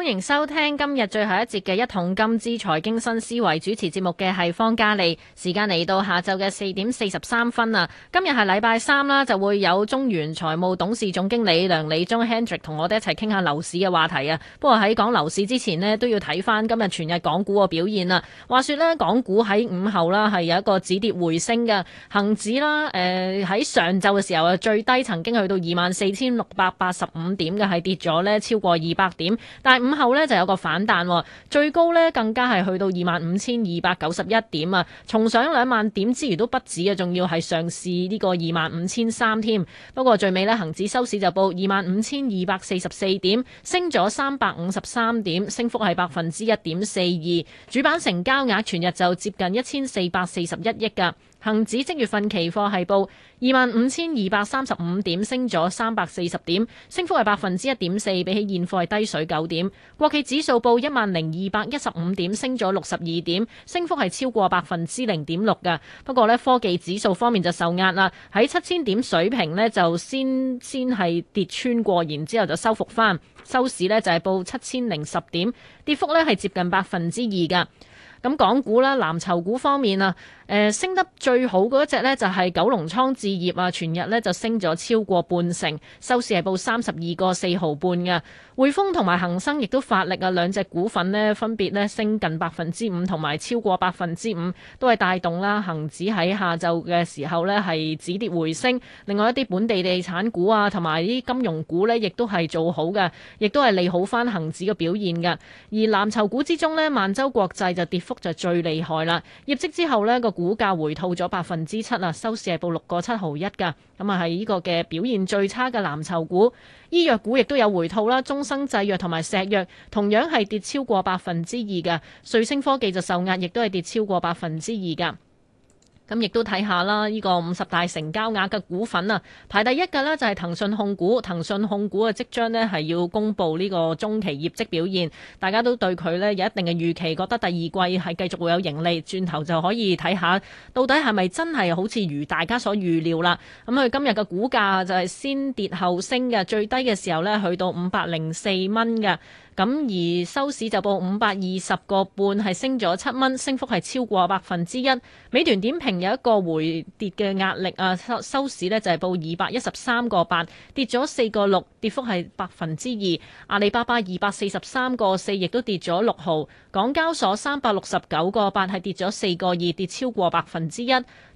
歡迎收聽今日最後一節嘅《一桶金之財經新思維》，主持節目嘅係方嘉莉。時間嚟到下晝嘅四點四十三分啦。今日係禮拜三啦，就會有中原財務董事總經理梁理中 Hendrick 同我哋一齊傾下樓市嘅話題啊。不過喺講樓市之前呢，都要睇翻今日全日港股個表現啦。話說呢，港股喺午後啦係有一個止跌回升嘅恒指啦，誒、呃、喺上晝嘅時候啊，最低曾經去到二萬四千六百八十五點嘅係跌咗呢超過二百點，但係咁後咧就有個反彈，最高咧更加係去到二萬五千二百九十一點啊，重上兩萬點之餘都不止啊，仲要係上市呢個二萬五千三添。不過最尾咧，恒指收市就報二萬五千二百四十四點，升咗三百五十三點，升幅係百分之一點四二。主板成交額全日就接近一千四百四十一億㗎。恒指即月份期貨係報二萬五千二百三十五點，升咗三百四十點，升幅係百分之一點四，比起現貨係低水九點。國企指數報一萬零二百一十五點，升咗六十二點，升幅係超過百分之零點六㗎。不過呢，科技指數方面就受壓啦，喺七千點水平呢就先先係跌穿過，然之後就收復返，收市呢就係報七千零十點，跌幅呢係接近百分之二㗎。咁港股啦，藍籌股方面啊，誒、呃、升得最好嗰一隻咧就係九龍倉置業啊，全日咧就升咗超過半成，收市係報三十二個四毫半嘅。匯豐同埋恒生亦都發力啊，兩隻股份呢，分別呢升近百分之五同埋超過百分之五，都係帶動啦。恒指喺下晝嘅時候呢，係止跌回升。另外一啲本地地產股啊，同埋啲金融股呢，亦都係做好嘅，亦都係利好翻恒指嘅表現嘅。而藍籌股之中呢，萬洲國際就跌幅就最厲害啦。業績之後呢，個股價回吐咗百分之七啊，收市係報六個七毫一噶。咁啊，係呢個嘅表現最差嘅藍籌股。醫藥股亦都有回吐啦，中生製藥同埋石藥同樣係跌超過百分之二㗎，瑞星科技就受壓，亦都係跌超過百分之二噶。咁亦都睇下啦，呢個五十大成交額嘅股份啊，排第一嘅咧就係騰訊控股。騰訊控股啊，即將咧係要公布呢個中期業績表現，大家都對佢咧有一定嘅預期，覺得第二季係繼續會有盈利，轉頭就可以睇下到底係咪真係好似如大家所預料啦。咁佢今日嘅股價就係先跌後升嘅，最低嘅時候咧去到五百零四蚊嘅。咁而收市就報五百二十個半，係升咗七蚊，升幅係超過百分之一。美團點評有一個回跌嘅壓力，啊收市呢就係報二百一十三個八，跌咗四個六，跌幅係百分之二。阿里巴巴二百四十三個四，亦都跌咗六毫。港交所三百六十九個八，係跌咗四個二，跌超過百分之一。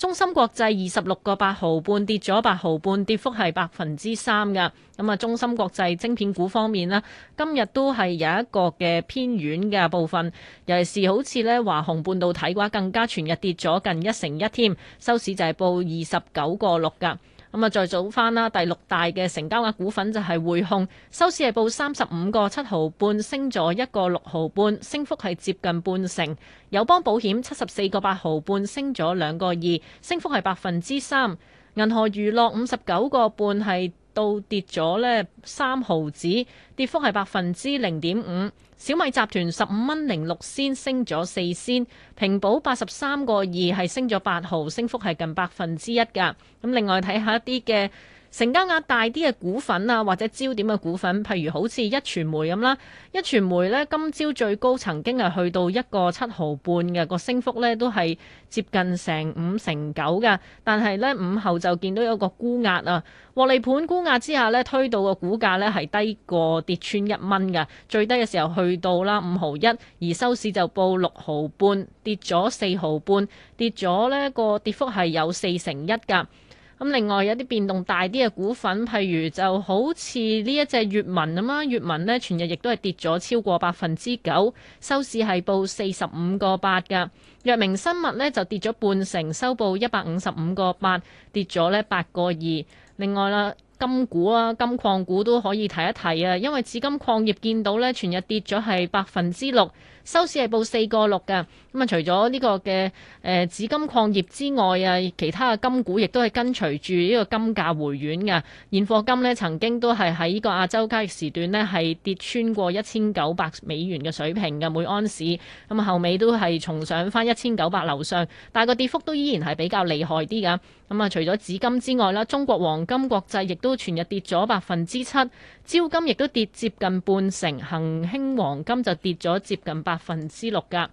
中芯國際二十六個八毫半，跌咗八毫半，跌幅係百分之三㗎。咁啊，中芯國際晶片股方面咧，今日都係有一個嘅偏軟嘅部分，尤其是好似呢華虹半導體嘅話，更加全日跌咗近一成一添，收市就係報二十九個六噶。咁啊，再早翻啦，第六大嘅成交額股份就係匯控，收市係報三十五個七毫半，升咗一個六毫半，升幅係接近半成。友邦保險七十四個八毫半，升咗兩個二，升幅係百分之三。銀河娛樂五十九個半係。到跌咗呢三毫子，跌幅係百分之零點五。小米集團十五蚊零六仙，升咗四仙，平保八十三個二係，升咗八毫，升幅係近百分之一㗎。咁另外睇下一啲嘅，成交額大啲嘅股份啊，或者焦點嘅股份，譬如好似一傳媒咁啦。一傳媒呢，今朝最高曾經係，去到一個七毫半嘅個升幅呢都係接近成五成九㗎。但係呢，午後就見到有個沽壓啊，獲利盤沽壓之下呢，推到個股價呢係低過跌穿一蚊㗎。最低嘅時候去到啦五毫一，而收市就報六毫半，跌咗四毫半，跌咗呢個跌幅係有四成一㗎。咁另外有啲變動大啲嘅股份，譬如就好似呢一隻閱文咁啦，閱文呢全日亦都係跌咗超過百分之九，收市係報四十五個八嘅。藥明生物呢就跌咗半成，收報一百五十五個八，跌咗呢八個二。另外啦，金股啊，金礦股都可以提一提啊，因為紫金礦業見到呢全日跌咗係百分之六。收市係報四、嗯、個六嘅，咁啊除咗呢個嘅誒紫金礦業之外啊，其他嘅金股亦都係跟隨住呢個金價回軟嘅。現貨金咧曾經都係喺呢個亞洲交易時段咧係跌穿過一千九百美元嘅水平嘅每安士，咁、嗯、啊後尾都係重上翻一千九百樓上，但係個跌幅都依然係比較厲害啲嘅。咁、嗯、啊除咗紫金之外啦，中國黃金國際亦都全日跌咗百分之七，招金亦都跌接近半成，恒興黃金就跌咗接近百分之六噶，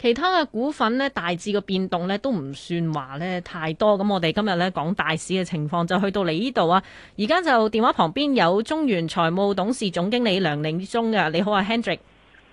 其他嘅股份咧，大致嘅變動咧都唔算話咧太多。咁我哋今日咧講大市嘅情況就去到你呢度啊。而家就電話旁邊有中原財務董事總經理梁理中啊，你好啊，Hendrick。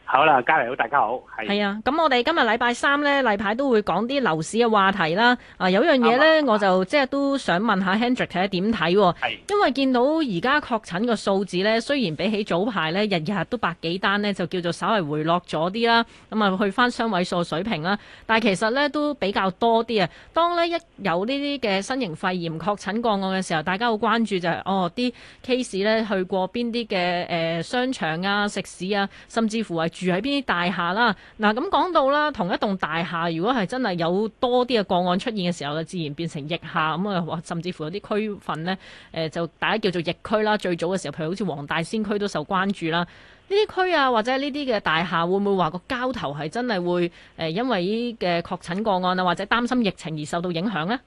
好啦，嘉嚟好，大家好，係。係啊，咁我哋今日禮拜三呢，例牌都會講啲樓市嘅話題啦。啊，有樣嘢呢，吧我就即係都想問下 Hendrick 睇下點睇喎、啊。是因為見到而家確診個數字呢，雖然比起早排呢，日日都百幾單呢，就叫做稍為回落咗啲啦，咁啊去返雙位數水平啦。但係其實呢，都比較多啲啊。當呢一有呢啲嘅新型肺炎確診個案嘅時候，大家好關注就係、是、哦啲 case 呢，去過邊啲嘅誒商場啊、食肆啊，甚至乎啊。住喺邊啲大廈啦？嗱、啊，咁講到啦，同一棟大廈，如果係真係有多啲嘅個案出現嘅時候就自然變成疫廈咁啊，甚至乎有啲區份呢，誒、呃、就大家叫做疫區啦。最早嘅時候，譬如好似黃大仙區都受關注啦。呢啲區啊，或者呢啲嘅大廈，會唔會話個交投係真係會誒，因為呢個確診個案啊，或者擔心疫情而受到影響呢？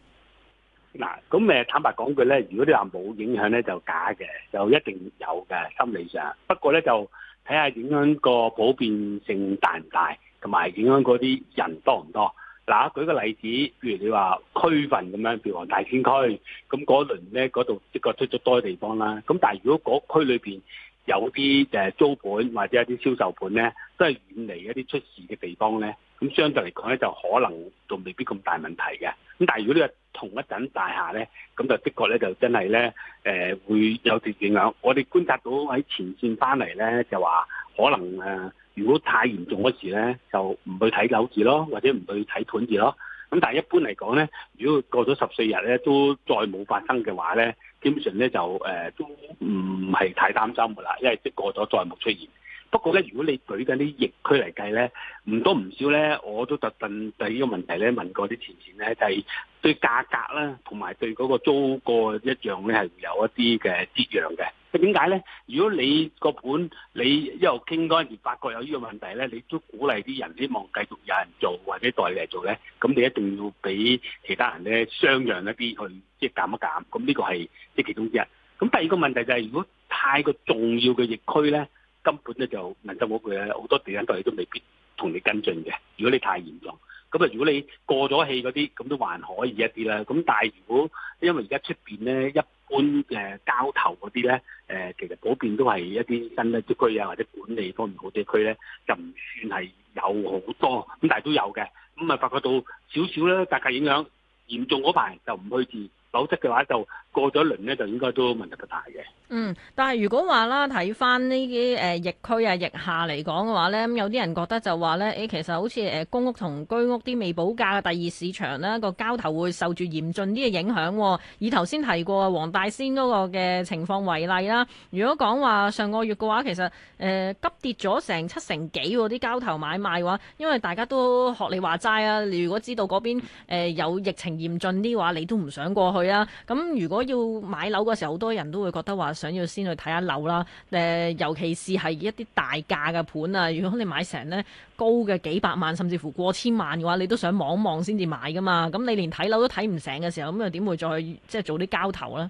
嗱，咁誒坦白講句呢，如果啲人冇影響呢，就假嘅，就一定有嘅心理上。不過呢，就。睇下影響個普遍性大唔大，同埋影響嗰啲人多唔多。嗱，舉個例子，譬如你話區份咁樣，譬如話黃大仙區，咁嗰輪咧嗰度的確出咗多嘅地方啦。咁但係如果嗰區裏邊，有啲誒租盤或者一啲銷售盤咧，都係遠離一啲出事嘅地方咧，咁相對嚟講咧就可能仲未必咁大問題嘅。咁但係如果呢個同一棟大廈咧，咁就的確咧就真係咧誒會有啲影響。我哋觀察到喺前線翻嚟咧就話可能誒、呃，如果太嚴重嗰時咧就唔去睇樓字咯，或者唔去睇盤字咯。咁但係一般嚟講咧，如果過咗十四日咧都再冇發生嘅話咧，基本上咧就誒、呃、都唔係太擔心㗎啦，因為即係過咗再冇出現。不過咧，如果你舉緊啲疫區嚟計咧，唔多唔少咧，我都特登對呢個問題咧問過啲前線咧，就係、是、對價格啦，同埋對嗰個租過一樣咧，係有一啲嘅折讓嘅。點解咧？如果你個盤你一路傾嗰陣時發覺有呢個問題咧，你都鼓勵啲人希望繼續有人做或者代理嚟做咧，咁你一定要俾其他人咧相讓一啲去即係減一減。咁呢個係即係其中之一。咁第二個問題就係、是、如果太過重要嘅疫區咧。根本咧就問心無愧好多地產代理都未必同你跟進嘅。如果你太嚴重，咁啊如果你過咗氣嗰啲，咁都還可以一啲啦。咁但係如果因為而家出邊咧一般誒交投嗰啲咧誒，其實嗰邊都係一啲新啲地區啊，或者管理方面好啲地區咧，就唔算係有好多。咁但係都有嘅。咁啊，發覺到少少咧價格,格影響嚴重嗰排就唔去接。否則嘅話就過咗一輪呢，就應該都問題不大嘅。嗯，但係如果話啦，睇翻呢啲誒疫區啊、疫廈嚟講嘅話呢，咁有啲人覺得就話呢，誒、欸、其實好似誒公屋同居屋啲未補價嘅第二市場呢，個交投會受住嚴峻啲嘅影響。哦、以頭先提過黃大仙嗰個嘅情況為例啦，如果講話上個月嘅話，其實誒、呃、急跌咗成七成幾喎啲交投買賣嘅話，因為大家都學你話齋啊，你如果知道嗰邊、呃、有疫情嚴峻啲嘅話，你都唔想過去。係啊，咁如果要買樓嘅時候，好多人都會覺得話想要先去睇下樓啦。誒，尤其是係一啲大價嘅盤啊。如果你買成咧高嘅幾百萬，甚至乎過千萬嘅話，你都想望望先至買噶嘛。咁你連睇樓都睇唔成嘅時候，咁又點會再即係做啲交投咧？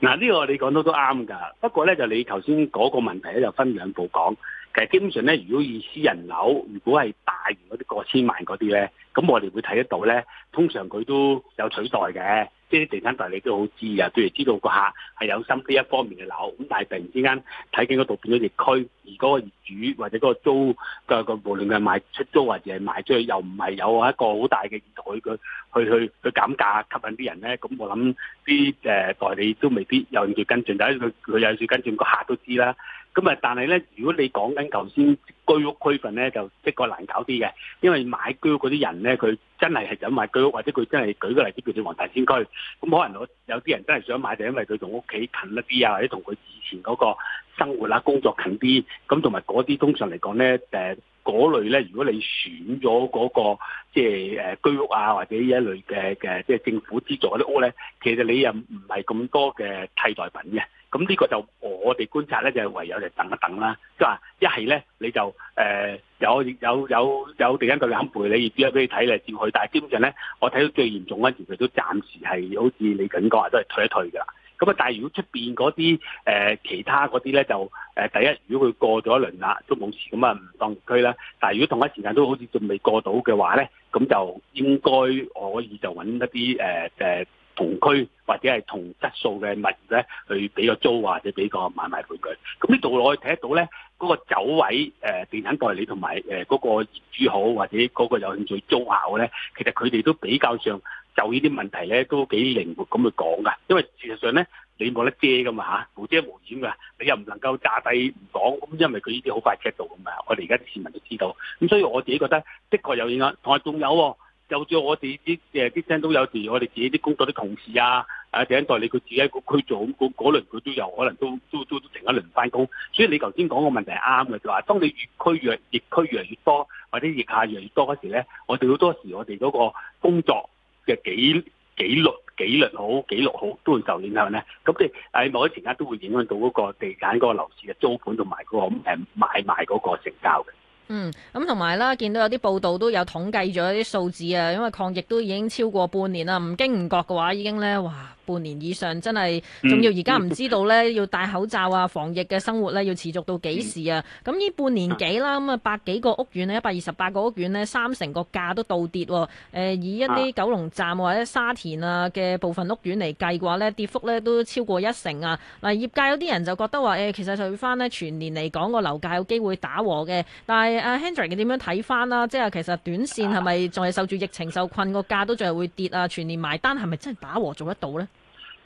嗱，呢個你講得都啱噶。不過咧，就你頭先嗰個問題咧，就分兩步講。其實基本上咧，如果以私人樓，如果係大嗰啲過千萬嗰啲咧，咁我哋會睇得到咧。通常佢都有取代嘅。即係地產代理都好知噶，譬如知道個客係有心呢一方面嘅樓，咁但係突然之間睇見嗰度變咗疫區，而嗰個業主或者嗰個租嘅個無論係賣出租或者係賣出去，又唔係有一個好大嘅熱台，佢去去去減價吸引啲人咧，咁我諗啲誒代理都未必有興趣跟進，但係佢佢有少跟進，個客都知啦。咁啊！但係咧，如果你講緊頭先居屋區份咧，就即個難搞啲嘅，因為買居屋嗰啲人咧，佢真係係想買居屋，或者佢真係舉個例子，叫做黃大仙區，咁、嗯、可能我有啲人真係想買，就是、因為佢同屋企近一啲啊，或者同佢以前嗰個生活啊、工作近啲，咁同埋嗰啲通常嚟講咧，誒嗰類咧，如果你選咗嗰、嗰個即係誒居屋啊，或者呢一類嘅嘅，即係政府資助嗰啲屋咧，其實你又唔係咁多嘅替代品嘅。咁呢個就我哋觀察咧，就係、唯有就等一等啦。即係話，一係咧你就誒、呃、有有有有地產代理肯陪你約你睇嚟照去。但係基本上咧，我睇到最嚴重嗰陣時，佢都暫時係好似你咁講話都係退一退㗎啦。咁啊，但係如果出面嗰啲誒其他嗰啲咧，就誒、呃、第一，如果佢過咗一輪啦，都冇事咁啊，唔當區啦。但係如果同一時間都好似仲未過到嘅話咧，咁就應該可以就揾一啲誒誒。呃呃呃同區或者係同質素嘅物業咧，去俾個租或者俾個買賣盤佢。咁呢度我可以睇得到咧，嗰、那個走位誒、呃、地產代理同埋誒嗰個業主好，或者嗰個有興趣租客咧，其實佢哋都比較上就呢啲問題咧，都幾靈活咁去講噶。因為事實上咧，你冇得遮噶嘛嚇，無遮無掩噶，你又唔能夠炸低唔講咁，因為佢呢啲好快 check 到噶嘛。我哋而家市民都知道。咁所以我自己覺得的確有影響，同埋仲有、哦。就算我哋啲誒啲親都有時，我哋自己啲工作啲同事啊，誒地產代理佢自己個區做咁，嗰輪佢都有可能都都都成一輪翻工。所以你頭先講個問題係啱嘅，就話當你越區越熱區越嚟越多，或者越下越嚟越多嗰時咧，我哋好多時我哋嗰個工作嘅紀紀律紀律好紀律好都會受影響咧。咁即係喺某啲時間都會影響到嗰個地產嗰個樓市嘅租盤同埋個咁誒買賣嗰個成交嘅。嗯，咁同埋啦，見到有啲報道都有統計咗啲數字啊，因為抗疫都已經超過半年啦，唔經唔覺嘅話已經咧哇半年以上真，真係仲要而家唔知道咧，要戴口罩啊，防疫嘅生活咧要持續到幾時啊？咁、嗯、呢、嗯嗯嗯、半年幾啦，咁、嗯、啊百幾個屋苑咧，一百二十八個屋苑咧，三成個價都倒跌誒、呃、以一啲九龍站或者沙田啊嘅部分屋苑嚟計嘅話咧，跌幅咧都超過一成啊。嗱、嗯，業界有啲人就覺得話誒、哎、其實睇翻咧全年嚟講，個樓價有機會打和嘅，但係。阿 Henry 你點樣睇翻啦？即係其實短線係咪仲係受住疫情受困，個價都仲係會跌啊？全年埋單係咪真係打和做得到咧？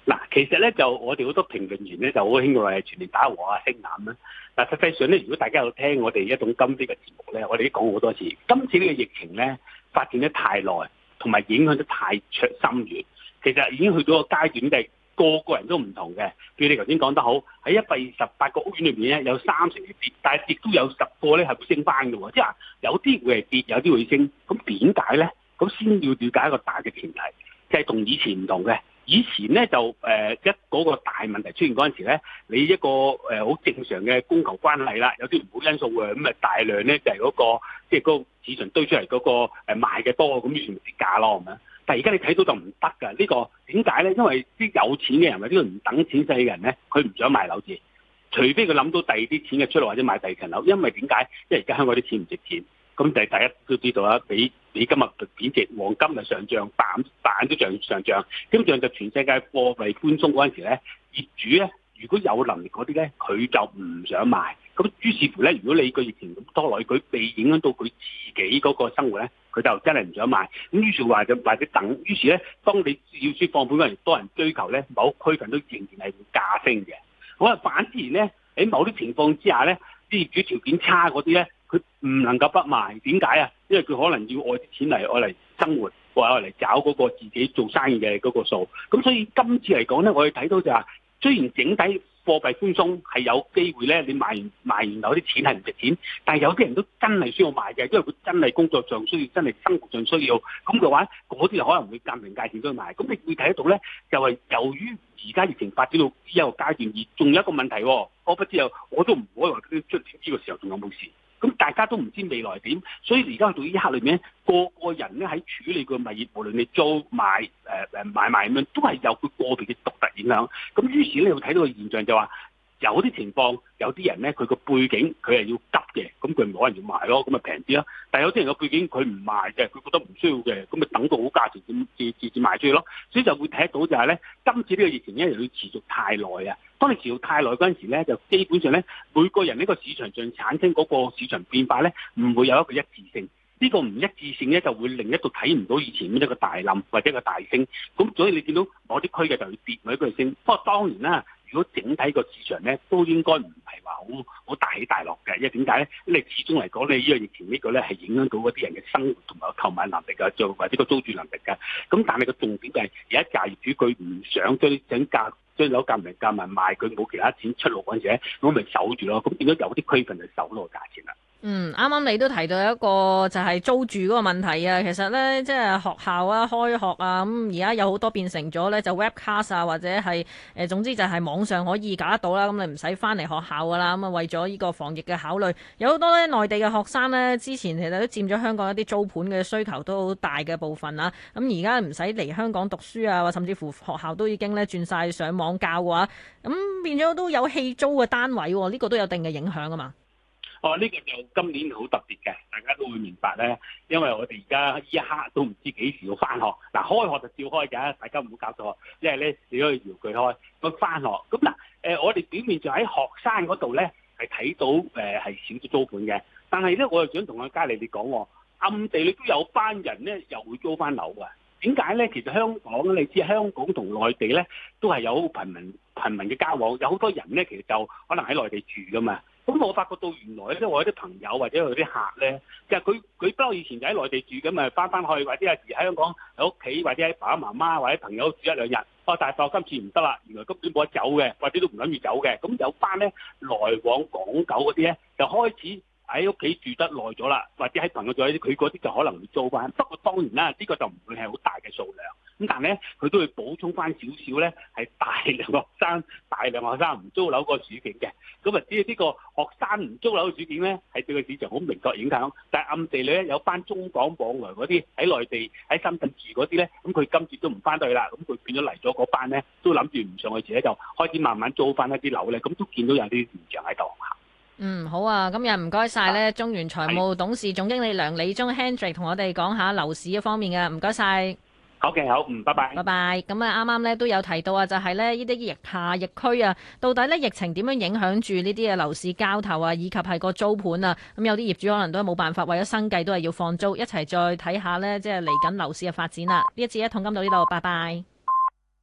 嗱，其實咧就我哋好多評論員咧就好興話係全年打和啊升巖啦。但實際上咧，如果大家有聽我哋一種金啲嘅節目咧，我哋都講好多次，今次呢個疫情咧發展得太耐，同埋影響得太卓深遠，其實已經去到個階段定。個個人都唔同嘅，譬如你頭先講得好，喺一百二十八個屋苑裏面咧，有三成跌，但係亦都有十個咧係升翻嘅喎，即係有啲會係跌，有啲會升，咁點解咧？咁先要了解一個大嘅前提，即係同以前唔同嘅。以前咧就誒一嗰個大問題出現嗰陣時咧，你一個誒好正常嘅供求關係啦，有啲唔好因素嘅咁啊，大量咧就係嗰個即係嗰個市場堆出嚟嗰個誒賣嘅多，咁自然跌價咯，係咪啊？但而家你睇到就唔得噶，這個、呢個點解咧？因為啲有錢嘅人或者呢個唔等錢使嘅人咧，佢唔想賣樓住，除非佢諗到第二啲錢嘅出路，或者買第二層樓。因為點解？因為而家香港啲錢唔值錢，咁就係大家都知道啊，比比今日嘅貶值，黃金又上漲，板板都像上漲，咁住就全世界貨幣寬鬆嗰陣時咧，業主咧如果有能力嗰啲咧，佢就唔想賣。咁於是乎咧，如果你個疫情咁拖耐，佢被影響到佢自己嗰個生活咧，佢就真係唔想賣。咁於是話就或者等，於是咧，當你要説放盤嗰陣時多人追求咧，某區份都仍然係會加升嘅。好啊，反而咧喺某啲情況之下咧，啲業主條件差嗰啲咧，佢唔能夠不賣。點解啊？因為佢可能要愛啲錢嚟愛嚟生活，或愛嚟找嗰個自己做生意嘅嗰個數。咁所以今次嚟講咧，我哋睇到就係雖然整體。貨幣寬鬆係有機會咧，你賣完賣完樓啲錢係唔值錢，但係有啲人都真係需要賣嘅，因為佢真係工作上需要，真係生活上需要，咁嘅話嗰啲就可能會鑑定階段去賣。咁你會睇得到咧，就係由於而家疫情發展到呢個階段，而仲有一個問題，我不知有，我都唔可以話呢個時候仲有冇事。咁大家都唔知未來點，所以而家到呢一刻裏面，個個人咧喺處理個物業，無論你租賣誒誒買賣咁樣，都係有佢個，個別嘅獨特影響。咁於是咧，你睇到個現象就話。有啲情況，有啲人咧，佢個背景佢係要急嘅，咁佢唔可能要賣咯，咁咪平啲咯。但係有啲人個背景佢唔賣嘅，佢覺得唔需要嘅，咁咪等到好價錢，至至至賣出去咯。所以就會睇到就係咧，今次呢個疫情咧，又要持續太耐啊。當你持續太耐嗰陣時咧，就基本上咧，每個人呢個市場上產生嗰個市場變化咧，唔會有一個一致性。呢、呢個唔一致性咧，就會令到睇唔到以前一個大冧或者一個大升。咁所以你見到某啲區嘅就要跌某，某一區升。不過當然啦。如果整體個市場咧，都應該唔係話好好大起大落嘅，因為點解咧？因為始終嚟講，你、這、依個疫情呢個咧，係影響到嗰啲人嘅生活同埋購買能力啊，仲或者個租住能力嘅。咁但係個重點就係，而家業主佢唔想將整價將樓價明價賣，佢冇其他錢出路嗰陣時咧，咁咪守住咯。咁點解有啲區份就守住價錢啊？嗯，啱啱你都提到一個就係租住嗰個問題啊，其實呢，即係學校啊開學啊，咁而家有好多變成咗呢、啊，就 webcast 啊或者係誒總之就係網上可以搞得到啦，咁你唔使翻嚟學校噶啦，咁啊為咗呢個防疫嘅考慮，有好多呢內地嘅學生呢，之前其實都佔咗香港一啲租盤嘅需求都好大嘅部分啊。咁而家唔使嚟香港讀書啊，甚至乎學校都已經呢轉晒上網教嘅話、啊，咁變咗都有棄租嘅單位、啊，呢、呢個都有一定嘅影響㗎嘛。哦，呢個就今年好特別嘅，大家都會明白咧。因為我哋而家依一刻都唔知幾時要翻學。嗱，開學就照開嘅，大家唔好搞錯。因為咧，你可以搖佢開，咁翻學。咁嗱，誒，我哋表面就喺學生嗰度咧，係睇到誒係少咗租盤嘅。但係咧，我又想同阿嘉莉你講，暗地裏都有班人咧，又會租翻樓嘅。點解咧？其實香港，你知香港同內地咧，都係有頻密頻密嘅交往，有好多人咧，其實就可能喺內地住噶嘛。咁我發覺到原來咧，我有啲朋友或者佢啲客咧，其實佢佢不嬲以前就喺內地住咁啊，翻翻去或者有時喺香港喺屋企或者喺爸爸媽媽或者朋友住一兩日。哦、我大但今次唔得啦，原來根本冇得走嘅，或者都唔諗住走嘅。咁有班咧來往港九嗰啲咧，就開始喺屋企住得耐咗啦，或者喺朋友住，喺佢嗰啲就可能會租翻。不過當然啦，呢、呢個就唔會係好大嘅數量。咁但係咧，佢都會補充翻少少咧，係大量學生、大量學生唔租樓個主景嘅。咁啊，只要呢個學生唔租樓嘅主景咧，係對個市場好明確影響。但暗地裏咧，有班中港往來嗰啲喺內地喺深圳住嗰啲咧，咁佢今次都唔翻到去啦。咁佢變咗嚟咗嗰班咧，都諗住唔上去住咧，就開始慢慢租翻一啲樓咧。咁都見到有啲現象喺度行。嗯，好啊，咁又唔該曬咧，中原財務董事總經理梁理中 Henry 同我哋講下樓市嘅方面嘅，唔該曬。好嘅，好嗯，拜拜，拜拜。咁啊，啱啱咧都有提到啊，就係咧呢啲疫下疫區啊，到底咧疫情點樣影響住呢啲嘅樓市交投啊，以及係個租盤啊？咁有啲業主可能都係冇辦法，為咗生計都係要放租。一齊再睇下咧，即係嚟緊樓市嘅發展啦。呢一次一桶金到呢度，拜拜。